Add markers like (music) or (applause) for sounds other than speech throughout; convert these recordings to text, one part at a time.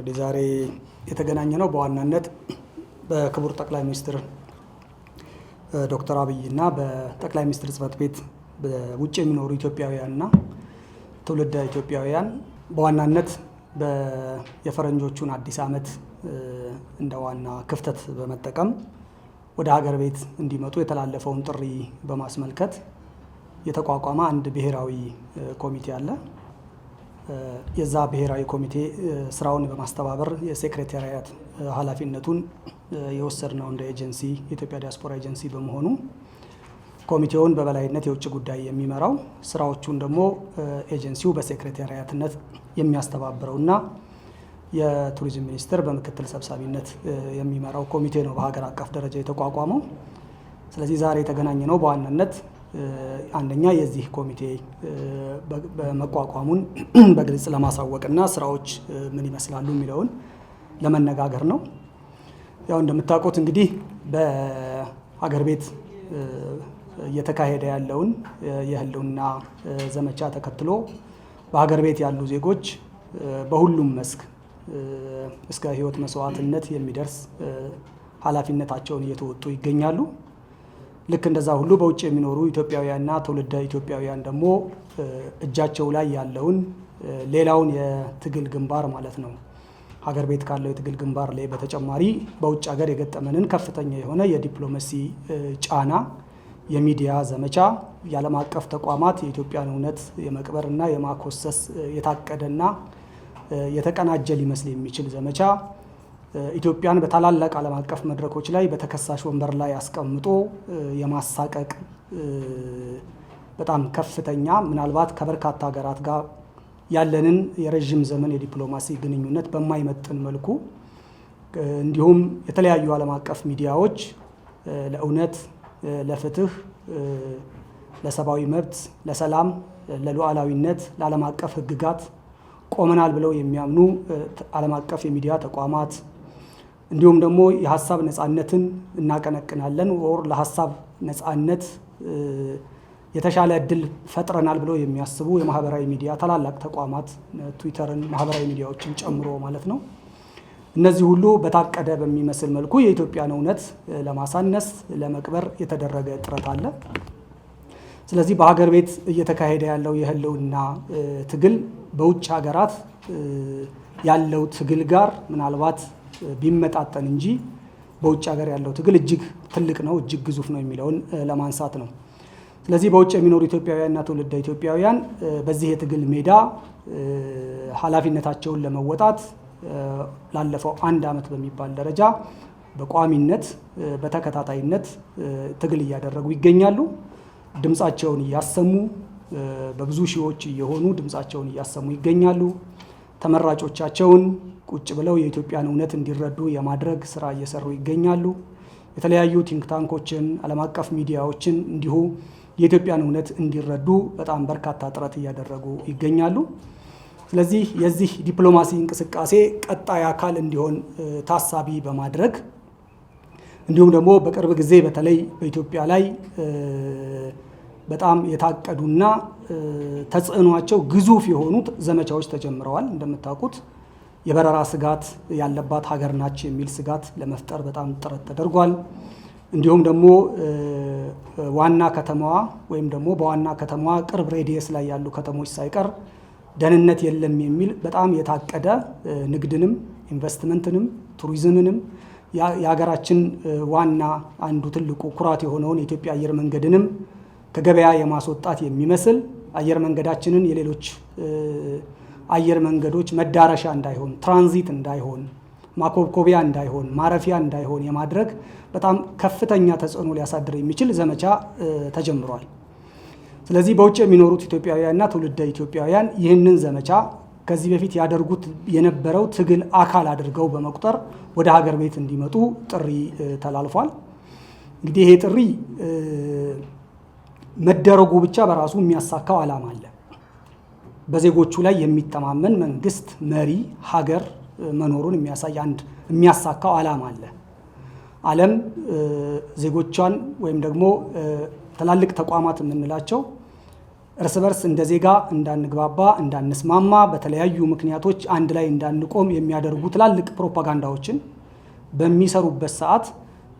እንግዲህ ዛሬ የተገናኘ ነው በዋናነት በክቡር ጠቅላይ ሚኒስትር ዶክተር አብይ እና በጠቅላይ ሚኒስትር ጽህፈት ቤት በውጭ የሚኖሩ ኢትዮጵያውያን እና ትውልደ ኢትዮጵያውያን በዋናነት የፈረንጆቹን አዲስ ዓመት እንደ ዋና ክፍተት በመጠቀም ወደ ሀገር ቤት እንዲመጡ የተላለፈውን ጥሪ በማስመልከት የተቋቋመ አንድ ብሔራዊ ኮሚቴ አለ። የዛ ብሔራዊ ኮሚቴ ስራውን በማስተባበር የሴክሬታሪያት ኃላፊነቱን ነው እንደ ኤጀንሲ የኢትዮጵያ ዲያስፖራ ኤጀንሲ በመሆኑ ኮሚቴውን በበላይነት የውጭ ጉዳይ የሚመራው ስራዎቹን ደግሞ ኤጀንሲው በሴክሬታሪያትነት የሚያስተባብረውና የቱሪዝም ሚኒስቴር በምክትል ሰብሳቢነት የሚመራው ኮሚቴ ነው በሀገር አቀፍ ደረጃ የተቋቋመው። ስለዚህ ዛሬ የተገናኘ ነው በዋናነት አንደኛ የዚህ ኮሚቴ መቋቋሙን (clears throat) በግልጽ ለማሳወቅና ስራዎች ምን ይመስላሉ የሚለውን ለመነጋገር ነው። ያው እንደምታውቁት እንግዲህ በሀገር ቤት እየተካሄደ ያለውን የህልውና ዘመቻ ተከትሎ በሀገር ቤት ያሉ ዜጎች በሁሉም መስክ እስከ ህይወት መስዋዕትነት የሚደርስ ኃላፊነታቸውን እየተወጡ ይገኛሉ። ልክ እንደዛ ሁሉ በውጭ የሚኖሩ ኢትዮጵያውያንና ትውልደ ኢትዮጵያውያን ደግሞ እጃቸው ላይ ያለውን ሌላውን የትግል ግንባር ማለት ነው ሀገር ቤት ካለው የትግል ግንባር ላይ በተጨማሪ በውጭ ሀገር የገጠመንን ከፍተኛ የሆነ የዲፕሎማሲ ጫና፣ የሚዲያ ዘመቻ፣ የዓለም አቀፍ ተቋማት የኢትዮጵያን እውነት የመቅበርና የማኮሰስ የታቀደና የተቀናጀ ሊመስል የሚችል ዘመቻ ኢትዮጵያን በታላላቅ ዓለም አቀፍ መድረኮች ላይ በተከሳሽ ወንበር ላይ አስቀምጦ የማሳቀቅ በጣም ከፍተኛ ምናልባት ከበርካታ ሀገራት ጋር ያለንን የረዥም ዘመን የዲፕሎማሲ ግንኙነት በማይመጥን መልኩ እንዲሁም የተለያዩ ዓለም አቀፍ ሚዲያዎች ለእውነት፣ ለፍትህ፣ ለሰብአዊ መብት፣ ለሰላም፣ ለሉዓላዊነት፣ ለዓለም አቀፍ ህግጋት ቆመናል ብለው የሚያምኑ ዓለም አቀፍ የሚዲያ ተቋማት እንዲሁም ደግሞ የሀሳብ ነፃነትን እናቀነቅናለን ወር ለሀሳብ ነፃነት የተሻለ እድል ፈጥረናል ብለው የሚያስቡ የማህበራዊ ሚዲያ ታላላቅ ተቋማት ትዊተርን፣ ማህበራዊ ሚዲያዎችን ጨምሮ ማለት ነው። እነዚህ ሁሉ በታቀደ በሚመስል መልኩ የኢትዮጵያን እውነት ለማሳነስ ለመቅበር የተደረገ ጥረት አለ። ስለዚህ በሀገር ቤት እየተካሄደ ያለው የህልውና ትግል በውጭ ሀገራት ያለው ትግል ጋር ምናልባት ቢመጣጠን እንጂ በውጭ ሀገር ያለው ትግል እጅግ ትልቅ ነው፣ እጅግ ግዙፍ ነው የሚለውን ለማንሳት ነው። ስለዚህ በውጭ የሚኖሩ ኢትዮጵያውያንና ትውልደ ኢትዮጵያውያን በዚህ የትግል ሜዳ ኃላፊነታቸውን ለመወጣት ላለፈው አንድ ዓመት በሚባል ደረጃ በቋሚነት በተከታታይነት ትግል እያደረጉ ይገኛሉ። ድምፃቸውን እያሰሙ በብዙ ሺዎች እየሆኑ ድምፃቸውን እያሰሙ ይገኛሉ። ተመራጮቻቸውን ቁጭ ብለው የኢትዮጵያን እውነት እንዲረዱ የማድረግ ስራ እየሰሩ ይገኛሉ። የተለያዩ ቲንክ ታንኮችን፣ ዓለም አቀፍ ሚዲያዎችን እንዲሁ የኢትዮጵያን እውነት እንዲረዱ በጣም በርካታ ጥረት እያደረጉ ይገኛሉ። ስለዚህ የዚህ ዲፕሎማሲ እንቅስቃሴ ቀጣይ አካል እንዲሆን ታሳቢ በማድረግ እንዲሁም ደግሞ በቅርብ ጊዜ በተለይ በኢትዮጵያ ላይ በጣም የታቀዱና ተጽዕኗቸው ግዙፍ የሆኑት ዘመቻዎች ተጀምረዋል እንደምታውቁት የበረራ ስጋት ያለባት ሀገር ናች የሚል ስጋት ለመፍጠር በጣም ጥረት ተደርጓል። እንዲሁም ደግሞ ዋና ከተማዋ ወይም ደግሞ በዋና ከተማዋ ቅርብ ሬዲየስ ላይ ያሉ ከተሞች ሳይቀር ደህንነት የለም የሚል በጣም የታቀደ ንግድንም ኢንቨስትመንትንም ቱሪዝምንም የሀገራችን ዋና አንዱ ትልቁ ኩራት የሆነውን የኢትዮጵያ አየር መንገድንም ከገበያ የማስወጣት የሚመስል አየር መንገዳችንን የሌሎች አየር መንገዶች መዳረሻ እንዳይሆን፣ ትራንዚት እንዳይሆን፣ ማኮብኮቢያ እንዳይሆን፣ ማረፊያ እንዳይሆን የማድረግ በጣም ከፍተኛ ተጽዕኖ ሊያሳድር የሚችል ዘመቻ ተጀምሯል። ስለዚህ በውጭ የሚኖሩት ኢትዮጵያውያንና ትውልደ ኢትዮጵያውያን ይህንን ዘመቻ ከዚህ በፊት ያደርጉት የነበረው ትግል አካል አድርገው በመቁጠር ወደ ሀገር ቤት እንዲመጡ ጥሪ ተላልፏል። እንግዲህ ይሄ ጥሪ መደረጉ ብቻ በራሱ የሚያሳካው ዓላማ አለ። በዜጎቹ ላይ የሚተማመን መንግስት፣ መሪ፣ ሀገር መኖሩን የሚያሳይ አንድ የሚያሳካው ዓላማ አለ። ዓለም ዜጎቿን ወይም ደግሞ ትላልቅ ተቋማት የምንላቸው እርስ በርስ እንደ ዜጋ እንዳንግባባ፣ እንዳንስማማ፣ በተለያዩ ምክንያቶች አንድ ላይ እንዳንቆም የሚያደርጉ ትላልቅ ፕሮፓጋንዳዎችን በሚሰሩበት ሰዓት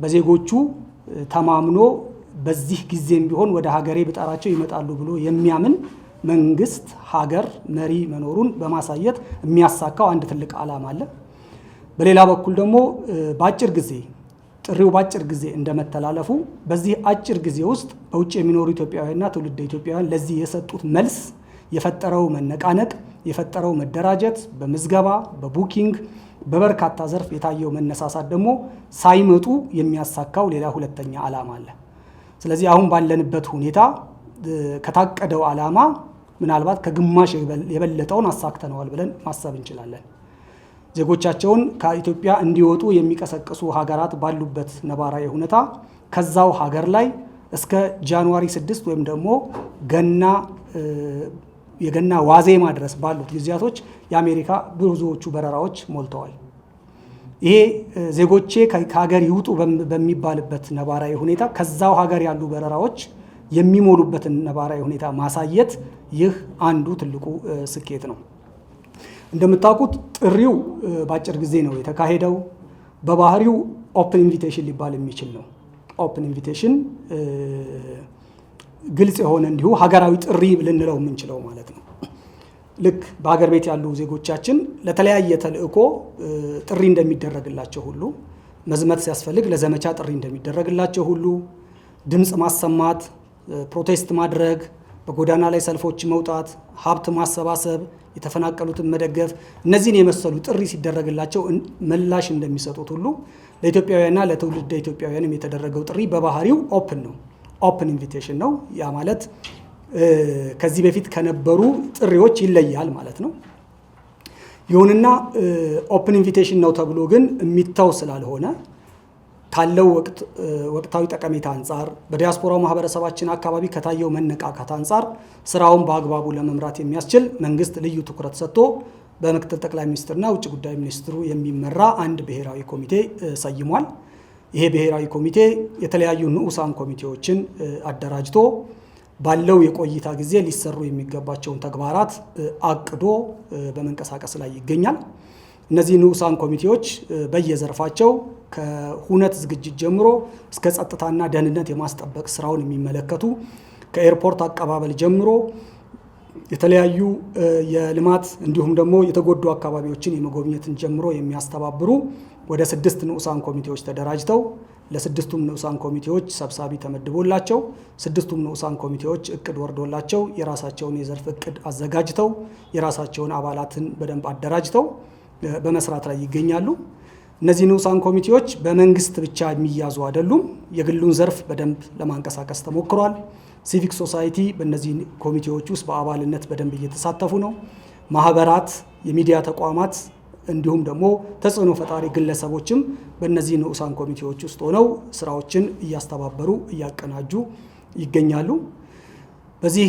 በዜጎቹ ተማምኖ በዚህ ጊዜም ቢሆን ወደ ሀገሬ ብጠራቸው ይመጣሉ ብሎ የሚያምን መንግስት፣ ሀገር መሪ መኖሩን በማሳየት የሚያሳካው አንድ ትልቅ ዓላማ አለ። በሌላ በኩል ደግሞ በአጭር ጊዜ ጥሪው በአጭር ጊዜ እንደመተላለፉ በዚህ አጭር ጊዜ ውስጥ በውጭ የሚኖሩ ኢትዮጵያውያንና ትውልደ ኢትዮጵያውያን ለዚህ የሰጡት መልስ የፈጠረው መነቃነቅ የፈጠረው መደራጀት በምዝገባ በቡኪንግ በበርካታ ዘርፍ የታየው መነሳሳት ደግሞ ሳይመጡ የሚያሳካው ሌላ ሁለተኛ ዓላማ አለ። ስለዚህ አሁን ባለንበት ሁኔታ ከታቀደው ዓላማ ምናልባት ከግማሽ የበለጠውን አሳክተነዋል ብለን ማሰብ እንችላለን። ዜጎቻቸውን ከኢትዮጵያ እንዲወጡ የሚቀሰቅሱ ሀገራት ባሉበት ነባራዊ ሁኔታ ከዛው ሀገር ላይ እስከ ጃንዋሪ ስድስት ወይም ደግሞ ገና የገና ዋዜማ ድረስ ባሉት ጊዜያቶች የአሜሪካ ብዙዎቹ በረራዎች ሞልተዋል። ይሄ ዜጎቼ ከሀገር ይውጡ በሚባልበት ነባራዊ ሁኔታ ከዛው ሀገር ያሉ በረራዎች የሚሞሉበትን ነባራዊ ሁኔታ ማሳየት ይህ አንዱ ትልቁ ስኬት ነው። እንደምታውቁት ጥሪው በአጭር ጊዜ ነው የተካሄደው። በባህሪው ኦፕን ኢንቪቴሽን ሊባል የሚችል ነው። ኦፕን ኢንቪቴሽን ግልጽ የሆነ እንዲሁ ሀገራዊ ጥሪ ልንለው የምንችለው ማለት ነው። ልክ በሀገር ቤት ያሉ ዜጎቻችን ለተለያየ ተልዕኮ ጥሪ እንደሚደረግላቸው ሁሉ መዝመት ሲያስፈልግ ለዘመቻ ጥሪ እንደሚደረግላቸው ሁሉ ድምፅ ማሰማት ፕሮቴስት ማድረግ፣ በጎዳና ላይ ሰልፎች መውጣት፣ ሀብት ማሰባሰብ፣ የተፈናቀሉትን መደገፍ፣ እነዚህን የመሰሉ ጥሪ ሲደረግላቸው ምላሽ እንደሚሰጡት ሁሉ ለኢትዮጵያውያንና ለትውልድ ኢትዮጵያውያንም የተደረገው ጥሪ በባህሪው ኦፕን ነው። ኦፕን ኢንቪቴሽን ነው። ያ ማለት ከዚህ በፊት ከነበሩ ጥሪዎች ይለያል ማለት ነው። ይሁንና ኦፕን ኢንቪቴሽን ነው ተብሎ ግን የሚታው ስላልሆነ ካለው ወቅታዊ ጠቀሜታ አንጻር በዲያስፖራው ማህበረሰባችን አካባቢ ከታየው መነቃቃት አንጻር ስራውን በአግባቡ ለመምራት የሚያስችል መንግስት ልዩ ትኩረት ሰጥቶ በምክትል ጠቅላይ ሚኒስትርና ውጭ ጉዳይ ሚኒስትሩ የሚመራ አንድ ብሔራዊ ኮሚቴ ሰይሟል። ይሄ ብሔራዊ ኮሚቴ የተለያዩ ንዑሳን ኮሚቴዎችን አደራጅቶ ባለው የቆይታ ጊዜ ሊሰሩ የሚገባቸውን ተግባራት አቅዶ በመንቀሳቀስ ላይ ይገኛል። እነዚህ ንዑሳን ኮሚቴዎች በየዘርፋቸው ከሁነት ዝግጅት ጀምሮ እስከ ጸጥታና ደህንነት የማስጠበቅ ስራውን የሚመለከቱ ከኤርፖርት አቀባበል ጀምሮ የተለያዩ የልማት እንዲሁም ደግሞ የተጎዱ አካባቢዎችን የመጎብኘትን ጀምሮ የሚያስተባብሩ ወደ ስድስት ንዑሳን ኮሚቴዎች ተደራጅተው ለስድስቱም ንዑሳን ኮሚቴዎች ሰብሳቢ ተመድቦላቸው ስድስቱም ንዑሳን ኮሚቴዎች እቅድ ወርዶላቸው የራሳቸውን የዘርፍ እቅድ አዘጋጅተው የራሳቸውን አባላትን በደንብ አደራጅተው በመስራት ላይ ይገኛሉ። እነዚህ ንዑሳን ኮሚቴዎች በመንግስት ብቻ የሚያዙ አይደሉም። የግሉን ዘርፍ በደንብ ለማንቀሳቀስ ተሞክሯል። ሲቪክ ሶሳይቲ በእነዚህ ኮሚቴዎች ውስጥ በአባልነት በደንብ እየተሳተፉ ነው። ማህበራት፣ የሚዲያ ተቋማት እንዲሁም ደግሞ ተጽዕኖ ፈጣሪ ግለሰቦችም በእነዚህ ንዑሳን ኮሚቴዎች ውስጥ ሆነው ስራዎችን እያስተባበሩ እያቀናጁ ይገኛሉ። በዚህ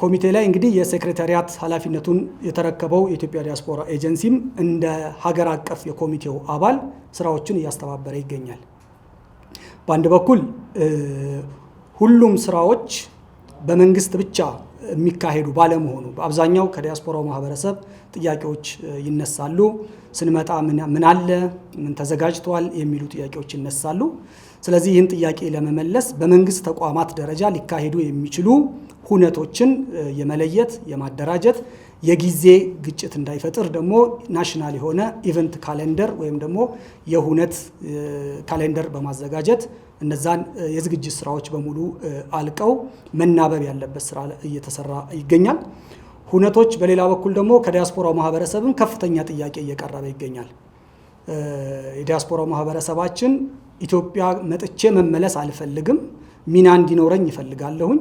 ኮሚቴ ላይ እንግዲህ የሴክሬታሪያት ኃላፊነቱን የተረከበው የኢትዮጵያ ዲያስፖራ ኤጀንሲም እንደ ሀገር አቀፍ የኮሚቴው አባል ስራዎችን እያስተባበረ ይገኛል። በአንድ በኩል ሁሉም ስራዎች በመንግስት ብቻ የሚካሄዱ ባለመሆኑ በአብዛኛው ከዲያስፖራው ማህበረሰብ ጥያቄዎች ይነሳሉ። ስንመጣ ምን አለ፣ ምን ተዘጋጅተዋል የሚሉ ጥያቄዎች ይነሳሉ። ስለዚህ ይህን ጥያቄ ለመመለስ በመንግስት ተቋማት ደረጃ ሊካሄዱ የሚችሉ ሁነቶችን የመለየት የማደራጀት የጊዜ ግጭት እንዳይፈጥር ደግሞ ናሽናል የሆነ ኢቨንት ካሌንደር ወይም ደግሞ የሁነት ካሌንደር በማዘጋጀት እነዛን የዝግጅት ስራዎች በሙሉ አልቀው መናበብ ያለበት ስራ እየተሰራ ይገኛል። ሁነቶች በሌላ በኩል ደግሞ ከዲያስፖራው ማህበረሰብም ከፍተኛ ጥያቄ እየቀረበ ይገኛል። የዲያስፖራው ማህበረሰባችን ኢትዮጵያ መጥቼ መመለስ አልፈልግም። ሚና እንዲኖረኝ ይፈልጋለሁኝ።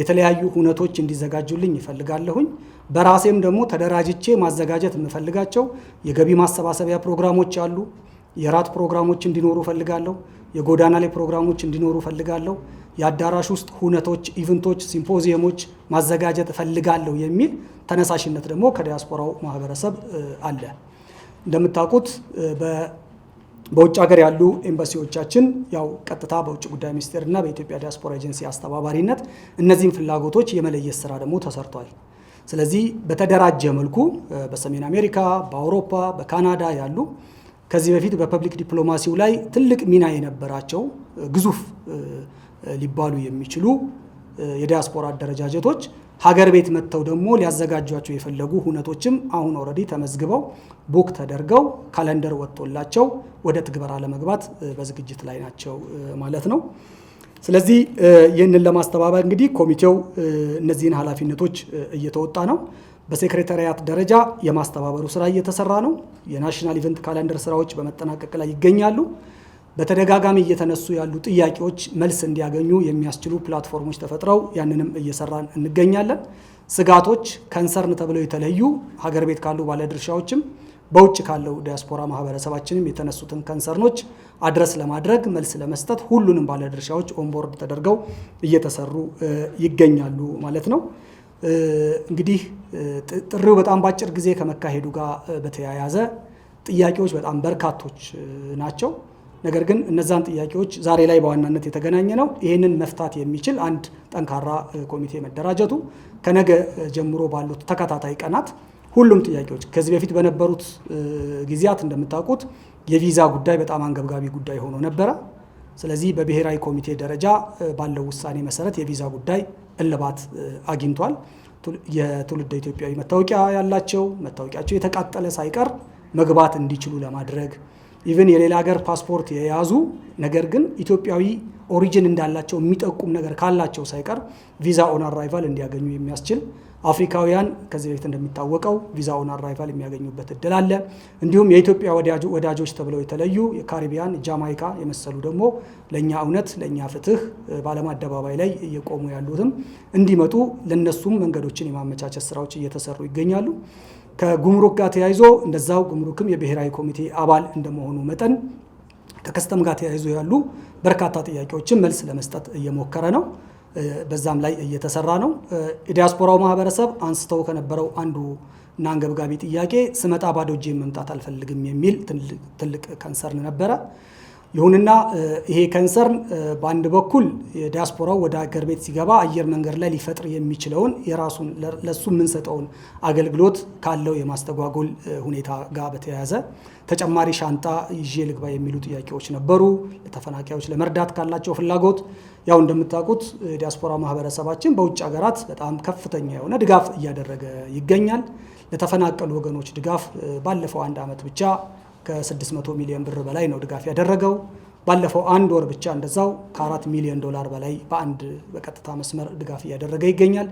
የተለያዩ ሁነቶች እንዲዘጋጁልኝ ይፈልጋለሁኝ። በራሴም ደግሞ ተደራጅቼ ማዘጋጀት የምፈልጋቸው የገቢ ማሰባሰቢያ ፕሮግራሞች አሉ። የራት ፕሮግራሞች እንዲኖሩ እፈልጋለሁ። የጎዳና ላይ ፕሮግራሞች እንዲኖሩ እፈልጋለሁ። የአዳራሽ ውስጥ ሁነቶች፣ ኢቨንቶች፣ ሲምፖዚየሞች ማዘጋጀት እፈልጋለሁ የሚል ተነሳሽነት ደግሞ ከዲያስፖራው ማህበረሰብ አለ። እንደምታውቁት በውጭ ሀገር ያሉ ኤምባሲዎቻችን ያው ቀጥታ በውጭ ጉዳይ ሚኒስቴር እና በኢትዮጵያ ዲያስፖራ ኤጀንሲ አስተባባሪነት እነዚህን ፍላጎቶች የመለየት ስራ ደግሞ ተሰርቷል። ስለዚህ በተደራጀ መልኩ በሰሜን አሜሪካ፣ በአውሮፓ፣ በካናዳ ያሉ ከዚህ በፊት በፐብሊክ ዲፕሎማሲው ላይ ትልቅ ሚና የነበራቸው ግዙፍ ሊባሉ የሚችሉ የዲያስፖራ አደረጃጀቶች ሀገር ቤት መጥተው ደግሞ ሊያዘጋጇቸው የፈለጉ ሁነቶችም አሁን ኦልሬዲ ተመዝግበው ቡክ ተደርገው ካለንደር ወጥቶላቸው ወደ ትግበራ ለመግባት በዝግጅት ላይ ናቸው ማለት ነው። ስለዚህ ይህንን ለማስተባበር እንግዲህ ኮሚቴው እነዚህን ኃላፊነቶች እየተወጣ ነው። በሴክሬታሪያት ደረጃ የማስተባበሩ ስራ እየተሰራ ነው። የናሽናል ኢቨንት ካለንደር ስራዎች በመጠናቀቅ ላይ ይገኛሉ። በተደጋጋሚ እየተነሱ ያሉ ጥያቄዎች መልስ እንዲያገኙ የሚያስችሉ ፕላትፎርሞች ተፈጥረው ያንንም እየሰራን እንገኛለን። ስጋቶች ከንሰርን ተብለው የተለዩ ሀገር ቤት ካሉ ባለድርሻዎችም በውጭ ካለው ዲያስፖራ ማህበረሰባችንም የተነሱትን ከንሰርኖች አድረስ ለማድረግ መልስ ለመስጠት ሁሉንም ባለድርሻዎች ኦንቦርድ ተደርገው እየተሰሩ ይገኛሉ ማለት ነው። እንግዲህ ጥሪው በጣም በአጭር ጊዜ ከመካሄዱ ጋር በተያያዘ ጥያቄዎች በጣም በርካቶች ናቸው። ነገር ግን እነዛን ጥያቄዎች ዛሬ ላይ በዋናነት የተገናኘ ነው። ይህንን መፍታት የሚችል አንድ ጠንካራ ኮሚቴ መደራጀቱ ከነገ ጀምሮ ባሉት ተከታታይ ቀናት ሁሉም ጥያቄዎች ከዚህ በፊት በነበሩት ጊዜያት እንደምታውቁት የቪዛ ጉዳይ በጣም አንገብጋቢ ጉዳይ ሆኖ ነበረ። ስለዚህ በብሔራዊ ኮሚቴ ደረጃ ባለው ውሳኔ መሰረት የቪዛ ጉዳይ እልባት አግኝቷል። የትውልደ ኢትዮጵያዊ መታወቂያ ያላቸው መታወቂያቸው የተቃጠለ ሳይቀር መግባት እንዲችሉ ለማድረግ ኢቨን የሌላ ሀገር ፓስፖርት የያዙ ነገር ግን ኢትዮጵያዊ ኦሪጅን እንዳላቸው የሚጠቁም ነገር ካላቸው ሳይቀር ቪዛ ኦን አራይቫል እንዲያገኙ የሚያስችል አፍሪካውያን ከዚህ በፊት እንደሚታወቀው ቪዛ ኦን አራይቫል የሚያገኙበት እድል አለ። እንዲሁም የኢትዮጵያ ወዳጆች ተብለው የተለዩ የካሪቢያን፣ ጃማይካ የመሰሉ ደግሞ ለእኛ እውነት ለእኛ ፍትህ በዓለም አደባባይ ላይ እየቆሙ ያሉትም እንዲመጡ ለነሱም መንገዶችን የማመቻቸት ስራዎች እየተሰሩ ይገኛሉ። ከጉምሩክ ጋር ተያይዞ እንደዛው ጉምሩክም የብሔራዊ ኮሚቴ አባል እንደመሆኑ መጠን ከከስተም ጋር ተያይዞ ያሉ በርካታ ጥያቄዎችን መልስ ለመስጠት እየሞከረ ነው። በዛም ላይ እየተሰራ ነው። የዲያስፖራው ማህበረሰብ አንስተው ከነበረው አንዱ እና አንገብጋቢ ጥያቄ ስመጣ ባዶ መምጣት አልፈልግም የሚል ትልቅ ከንሰርን ነበረ። ይሁንና ይሄ ከንሰርን በአንድ በኩል ዲያስፖራው ወደ ሀገር ቤት ሲገባ አየር መንገድ ላይ ሊፈጥር የሚችለውን የራሱን ለሱ የምንሰጠውን አገልግሎት ካለው የማስተጓጎል ሁኔታ ጋር በተያያዘ ተጨማሪ ሻንጣ ይዤ ልግባ የሚሉ ጥያቄዎች ነበሩ። ለተፈናቃዮች ለመርዳት ካላቸው ፍላጎት ያው እንደምታውቁት ዲያስፖራ ማህበረሰባችን በውጭ ሀገራት በጣም ከፍተኛ የሆነ ድጋፍ እያደረገ ይገኛል። ለተፈናቀሉ ወገኖች ድጋፍ ባለፈው አንድ ዓመት ብቻ ከ600 ሚሊዮን ብር በላይ ነው ድጋፍ ያደረገው። ባለፈው አንድ ወር ብቻ እንደዛው ከአራት ሚሊዮን ዶላር በላይ በአንድ በቀጥታ መስመር ድጋፍ እያደረገ ይገኛል።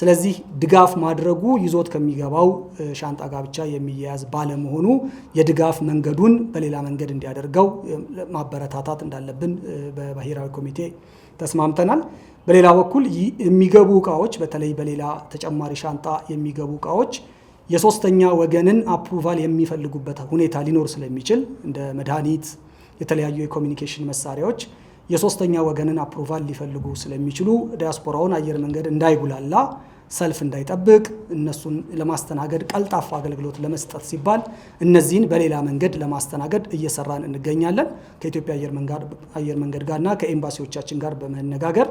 ስለዚህ ድጋፍ ማድረጉ ይዞት ከሚገባው ሻንጣ ጋር ብቻ የሚያያዝ ባለመሆኑ የድጋፍ መንገዱን በሌላ መንገድ እንዲያደርገው ማበረታታት እንዳለብን በብሔራዊ ኮሚቴ ተስማምተናል። በሌላ በኩል የሚገቡ እቃዎች በተለይ በሌላ ተጨማሪ ሻንጣ የሚገቡ እቃዎች የሶስተኛ ወገንን አፕሩቫል የሚፈልጉበት ሁኔታ ሊኖር ስለሚችል እንደ መድኃኒት፣ የተለያዩ የኮሚኒኬሽን መሳሪያዎች የሶስተኛ ወገንን አፕሩቫል ሊፈልጉ ስለሚችሉ ዲያስፖራውን አየር መንገድ እንዳይጉላላ ሰልፍ እንዳይጠብቅ እነሱን ለማስተናገድ ቀልጣፋ አገልግሎት ለመስጠት ሲባል እነዚህን በሌላ መንገድ ለማስተናገድ እየሰራን እንገኛለን። ከኢትዮጵያ አየር መንገድ ጋርና ከኤምባሲዎቻችን ጋር በመነጋገር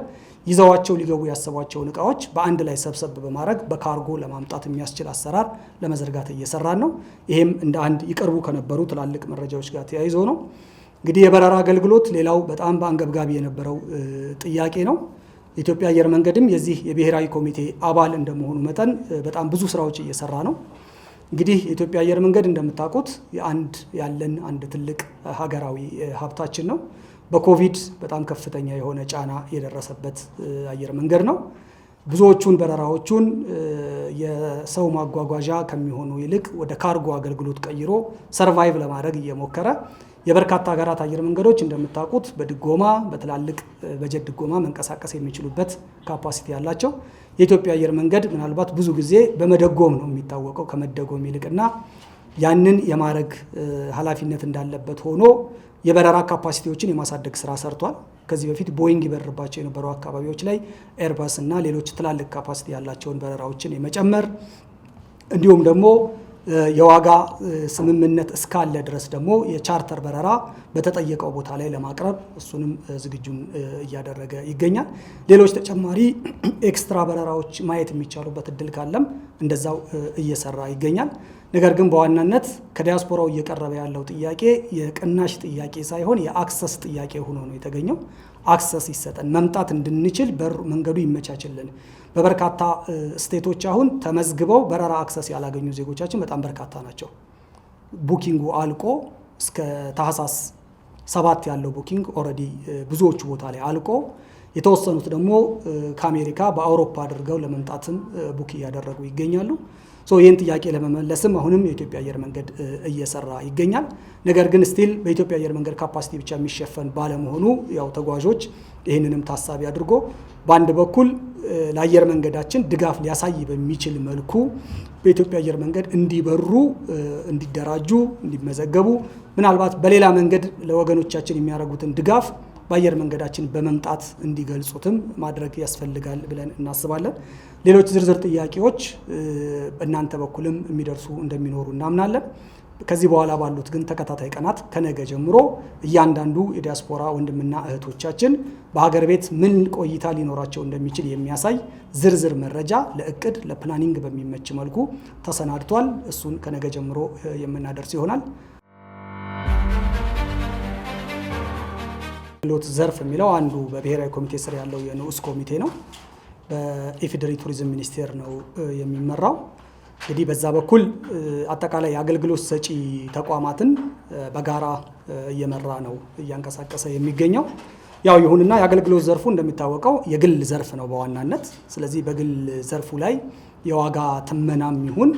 ይዘዋቸው ሊገቡ ያሰቧቸውን እቃዎች በአንድ ላይ ሰብሰብ በማድረግ በካርጎ ለማምጣት የሚያስችል አሰራር ለመዘርጋት እየሰራን ነው። ይሄም እንደ አንድ ይቀርቡ ከነበሩ ትላልቅ መረጃዎች ጋር ተያይዞ ነው። እንግዲህ የበረራ አገልግሎት ሌላው በጣም በአንገብጋቢ የነበረው ጥያቄ ነው። የኢትዮጵያ አየር መንገድም የዚህ የብሔራዊ ኮሚቴ አባል እንደመሆኑ መጠን በጣም ብዙ ስራዎች እየሰራ ነው። እንግዲህ የኢትዮጵያ አየር መንገድ እንደምታውቁት የአንድ ያለን አንድ ትልቅ ሀገራዊ ሀብታችን ነው። በኮቪድ በጣም ከፍተኛ የሆነ ጫና የደረሰበት አየር መንገድ ነው። ብዙዎቹን በረራዎቹን የሰው ማጓጓዣ ከሚሆኑ ይልቅ ወደ ካርጎ አገልግሎት ቀይሮ ሰርቫይቭ ለማድረግ እየሞከረ የበርካታ ሀገራት አየር መንገዶች እንደምታውቁት በድጎማ በትላልቅ በጀት ድጎማ መንቀሳቀስ የሚችሉበት ካፓሲቲ ያላቸው። የኢትዮጵያ አየር መንገድ ምናልባት ብዙ ጊዜ በመደጎም ነው የሚታወቀው ከመደጎም ይልቅና ያንን የማድረግ ኃላፊነት እንዳለበት ሆኖ የበረራ ካፓሲቲዎችን የማሳደግ ስራ ሰርቷል። ከዚህ በፊት ቦይንግ ይበርባቸው የነበሩ አካባቢዎች ላይ ኤርባስ እና ሌሎች ትላልቅ ካፓሲቲ ያላቸውን በረራዎችን የመጨመር እንዲሁም ደግሞ የዋጋ ስምምነት እስካለ ድረስ ደግሞ የቻርተር በረራ በተጠየቀው ቦታ ላይ ለማቅረብ እሱንም ዝግጁን እያደረገ ይገኛል። ሌሎች ተጨማሪ (clears throat) ኤክስትራ በረራዎች ማየት የሚቻሉበት እድል ካለም እንደዛው እየሰራ ይገኛል። ነገር ግን በዋናነት ከዲያስፖራው እየቀረበ ያለው ጥያቄ የቅናሽ ጥያቄ ሳይሆን የአክሰስ ጥያቄ ሆኖ ነው የተገኘው። አክሰስ ይሰጠን፣ መምጣት እንድንችል በሩ መንገዱ ይመቻችልን በበርካታ ስቴቶች አሁን ተመዝግበው በረራ አክሰስ ያላገኙ ዜጎቻችን በጣም በርካታ ናቸው። ቡኪንጉ አልቆ እስከ ታህሳስ ሰባት ያለው ቡኪንግ ኦልሬዲ ብዙዎቹ ቦታ ላይ አልቆ የተወሰኑት ደግሞ ከአሜሪካ በአውሮፓ አድርገው ለመምጣትም ቡክ እያደረጉ ይገኛሉ። ይህን ጥያቄ ለመመለስም አሁንም የኢትዮጵያ አየር መንገድ እየሰራ ይገኛል። ነገር ግን ስቲል በኢትዮጵያ አየር መንገድ ካፓሲቲ ብቻ የሚሸፈን ባለመሆኑ ያው ተጓዦች ይህንንም ታሳቢ አድርጎ በአንድ በኩል ለአየር መንገዳችን ድጋፍ ሊያሳይ በሚችል መልኩ በኢትዮጵያ አየር መንገድ እንዲበሩ፣ እንዲደራጁ፣ እንዲመዘገቡ ምናልባት በሌላ መንገድ ለወገኖቻችን የሚያደርጉትን ድጋፍ በአየር መንገዳችን በመምጣት እንዲገልጹትም ማድረግ ያስፈልጋል ብለን እናስባለን። ሌሎች ዝርዝር ጥያቄዎች በእናንተ በኩልም የሚደርሱ እንደሚኖሩ እናምናለን። ከዚህ በኋላ ባሉት ግን ተከታታይ ቀናት ከነገ ጀምሮ እያንዳንዱ የዲያስፖራ ወንድምና እህቶቻችን በሀገር ቤት ምን ቆይታ ሊኖራቸው እንደሚችል የሚያሳይ ዝርዝር መረጃ ለእቅድ ለፕላኒንግ በሚመች መልኩ ተሰናድቷል። እሱን ከነገ ጀምሮ የምናደርስ ይሆናል። ሎት ዘርፍ የሚለው አንዱ በብሔራዊ ኮሚቴ ስር ያለው የንዑስ ኮሚቴ ነው። በኢፌዴሪ ቱሪዝም ሚኒስቴር ነው የሚመራው። እንግዲህ በዛ በኩል አጠቃላይ የአገልግሎት ሰጪ ተቋማትን በጋራ እየመራ ነው እያንቀሳቀሰ የሚገኘው። ያው ይሁንና የአገልግሎት ዘርፉ እንደሚታወቀው የግል ዘርፍ ነው በዋናነት። ስለዚህ በግል ዘርፉ ላይ የዋጋ ትመናም ይሁን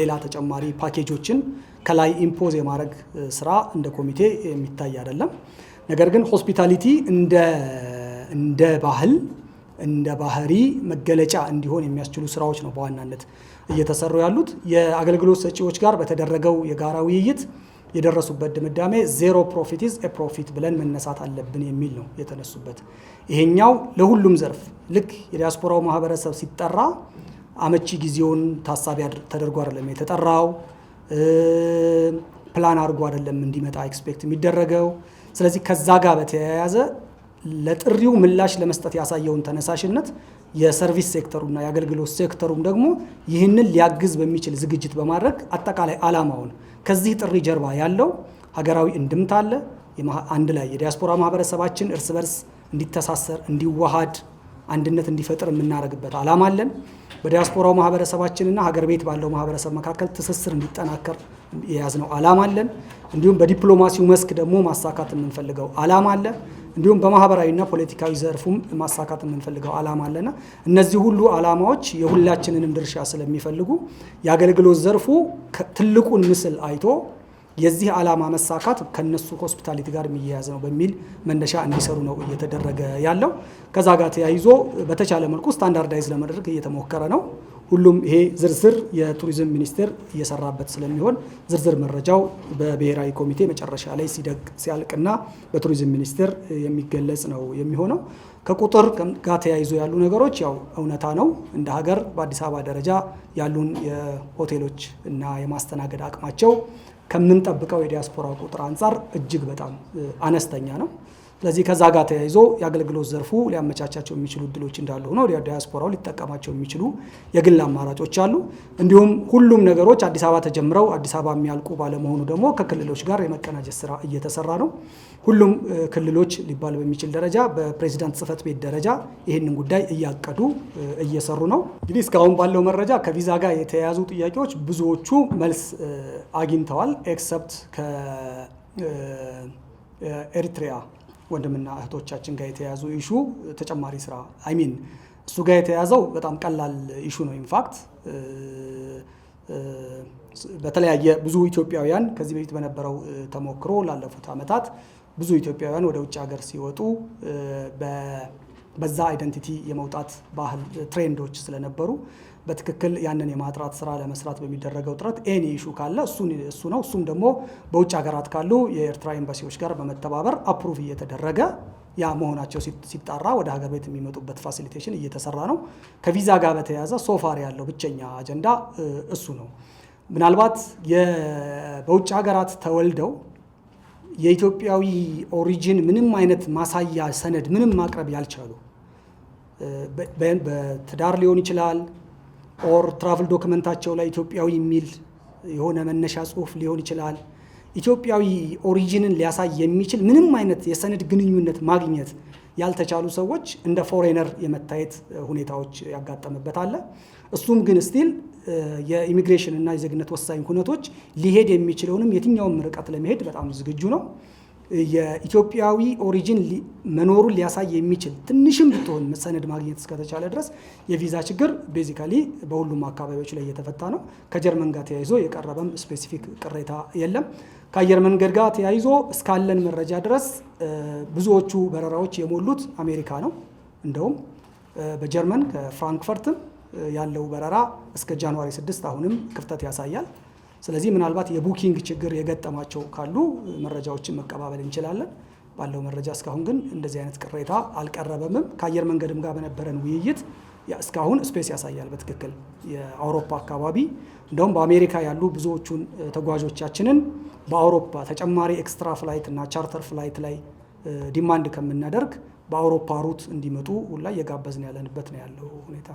ሌላ ተጨማሪ ፓኬጆችን ከላይ ኢምፖዝ የማድረግ ስራ እንደ ኮሚቴ የሚታይ አይደለም። ነገር ግን ሆስፒታሊቲ እንደ ባህል እንደ ባህሪ መገለጫ እንዲሆን የሚያስችሉ ስራዎች ነው በዋናነት እየተሰሩ ያሉት። የአገልግሎት ሰጪዎች ጋር በተደረገው የጋራ ውይይት የደረሱበት ድምዳሜ ዜሮ ፕሮፊት ኢዝ ፕሮፊት ብለን መነሳት አለብን የሚል ነው የተነሱበት። ይሄኛው ለሁሉም ዘርፍ ልክ የዲያስፖራው ማህበረሰብ ሲጠራ አመቺ ጊዜውን ታሳቢ ተደርጎ አይደለም የተጠራው፣ ፕላን አድርጎ አይደለም እንዲመጣ ኤክስፔክት የሚደረገው ስለዚህ ከዛ ጋር በተያያዘ ለጥሪው ምላሽ ለመስጠት ያሳየውን ተነሳሽነት የሰርቪስ ሴክተሩና የአገልግሎት ሴክተሩም ደግሞ ይህንን ሊያግዝ በሚችል ዝግጅት በማድረግ አጠቃላይ ዓላማውን ከዚህ ጥሪ ጀርባ ያለው ሀገራዊ እንድምታ አለ። አንድ ላይ የዲያስፖራ ማህበረሰባችን እርስ በርስ እንዲተሳሰር እንዲዋሃድ አንድነት እንዲፈጥር የምናደርግበት አላማ አለን። በዲያስፖራው ማህበረሰባችንና ሀገር ቤት ባለው ማህበረሰብ መካከል ትስስር እንዲጠናከር የያዝነው አላማ አለን። እንዲሁም በዲፕሎማሲው መስክ ደግሞ ማሳካት የምንፈልገው አላማ አለ። እንዲሁም በማህበራዊና ፖለቲካዊ ዘርፉም ማሳካት የምንፈልገው አላማ አለና እነዚህ ሁሉ አላማዎች የሁላችንንም ድርሻ ስለሚፈልጉ የአገልግሎት ዘርፉ ትልቁን ምስል አይቶ የዚህ ዓላማ መሳካት ከነሱ ሆስፒታሊቲ ጋር የሚያያዝ ነው በሚል መነሻ እንዲሰሩ ነው እየተደረገ ያለው። ከዛ ጋር ተያይዞ በተቻለ መልኩ ስታንዳርዳይዝ ለማድረግ እየተሞከረ ነው። ሁሉም ይሄ ዝርዝር የቱሪዝም ሚኒስቴር እየሰራበት ስለሚሆን ዝርዝር መረጃው በብሔራዊ ኮሚቴ መጨረሻ ላይ ሲደግ ሲያልቅና በቱሪዝም ሚኒስቴር የሚገለጽ ነው የሚሆነው። ከቁጥር ጋር ተያይዞ ያሉ ነገሮች ያው እውነታ ነው። እንደ ሀገር በአዲስ አበባ ደረጃ ያሉን የሆቴሎች እና የማስተናገድ አቅማቸው ከምንጠብቀው የዲያስፖራ ቁጥር አንጻር እጅግ በጣም አነስተኛ ነው። ስለዚህ ከዛ ጋር ተያይዞ የአገልግሎት ዘርፉ ሊያመቻቻቸው የሚችሉ እድሎች እንዳሉ ሆኖ ዲያስፖራው ሊጠቀማቸው የሚችሉ የግል አማራጮች አሉ። እንዲሁም ሁሉም ነገሮች አዲስ አበባ ተጀምረው አዲስ አበባ የሚያልቁ ባለመሆኑ ደግሞ ከክልሎች ጋር የመቀናጀት ስራ እየተሰራ ነው። ሁሉም ክልሎች ሊባል በሚችል ደረጃ በፕሬዚዳንት ጽህፈት ቤት ደረጃ ይህንን ጉዳይ እያቀዱ እየሰሩ ነው። እንግዲህ እስካሁን ባለው መረጃ ከቪዛ ጋር የተያያዙ ጥያቄዎች ብዙዎቹ መልስ አግኝተዋል ኤክሰፕት ከኤሪትሪያ ወንድምና እህቶቻችን ጋር የተያዙ ኢሹ ተጨማሪ ስራ አይሚን እሱ ጋር የተያዘው በጣም ቀላል ኢሹ ነው። ኢንፋክት በተለያየ ብዙ ኢትዮጵያውያን ከዚህ በፊት በነበረው ተሞክሮ ላለፉት ዓመታት ብዙ ኢትዮጵያውያን ወደ ውጭ ሀገር ሲወጡ በዛ አይደንቲቲ የመውጣት ባህል ትሬንዶች ስለነበሩ በትክክል ያንን የማጥራት ስራ ለመስራት በሚደረገው ጥረት ኤኒ ኢሹ ካለ እሱ ነው። እሱም ደግሞ በውጭ ሀገራት ካሉ የኤርትራ ኤምባሲዎች ጋር በመተባበር አፕሩቭ እየተደረገ ያ መሆናቸው ሲጣራ ወደ ሀገር ቤት የሚመጡበት ፋሲሊቴሽን እየተሰራ ነው። ከቪዛ ጋር በተያያዘ ሶፋር ያለው ብቸኛ አጀንዳ እሱ ነው። ምናልባት በውጭ ሀገራት ተወልደው የኢትዮጵያዊ ኦሪጂን ምንም አይነት ማሳያ ሰነድ ምንም ማቅረብ ያልቻሉ በትዳር ሊሆን ይችላል ኦር ትራቭል ዶክመንታቸው ላይ ኢትዮጵያዊ የሚል የሆነ መነሻ ጽሁፍ ሊሆን ይችላል። ኢትዮጵያዊ ኦሪጂንን ሊያሳይ የሚችል ምንም አይነት የሰነድ ግንኙነት ማግኘት ያልተቻሉ ሰዎች እንደ ፎሬነር የመታየት ሁኔታዎች ያጋጠመበት አለ። እሱም ግን ስቲል የኢሚግሬሽን እና የዜግነት ወሳኝ ሁነቶች ሊሄድ የሚችለውንም የትኛውም ርቀት ለመሄድ በጣም ዝግጁ ነው። የኢትዮጵያዊ ኦሪጂን መኖሩን ሊያሳይ የሚችል ትንሽም ብትሆን መሰነድ ማግኘት እስከተቻለ ድረስ የቪዛ ችግር ቤዚካሊ በሁሉም አካባቢዎች ላይ እየተፈታ ነው። ከጀርመን ጋር ተያይዞ የቀረበም ስፔሲፊክ ቅሬታ የለም። ከአየር መንገድ ጋር ተያይዞ እስካለን መረጃ ድረስ ብዙዎቹ በረራዎች የሞሉት አሜሪካ ነው። እንደውም በጀርመን ከፍራንክፈርትም ያለው በረራ እስከ ጃንዋሪ 6 አሁንም ክፍተት ያሳያል። ስለዚህ ምናልባት የቡኪንግ ችግር የገጠማቸው ካሉ መረጃዎችን መቀባበል እንችላለን። ባለው መረጃ እስካሁን ግን እንደዚህ አይነት ቅሬታ አልቀረበምም። ከአየር መንገድም ጋር በነበረን ውይይት እስካሁን ስፔስ ያሳያል በትክክል የአውሮፓ አካባቢ እንደውም በአሜሪካ ያሉ ብዙዎቹን ተጓዦቻችንን በአውሮፓ ተጨማሪ ኤክስትራ ፍላይት እና ቻርተር ፍላይት ላይ ዲማንድ ከምናደርግ በአውሮፓ ሩት እንዲመጡ ሁላ እየጋበዝን ያለንበት ነው ያለው ሁኔታ።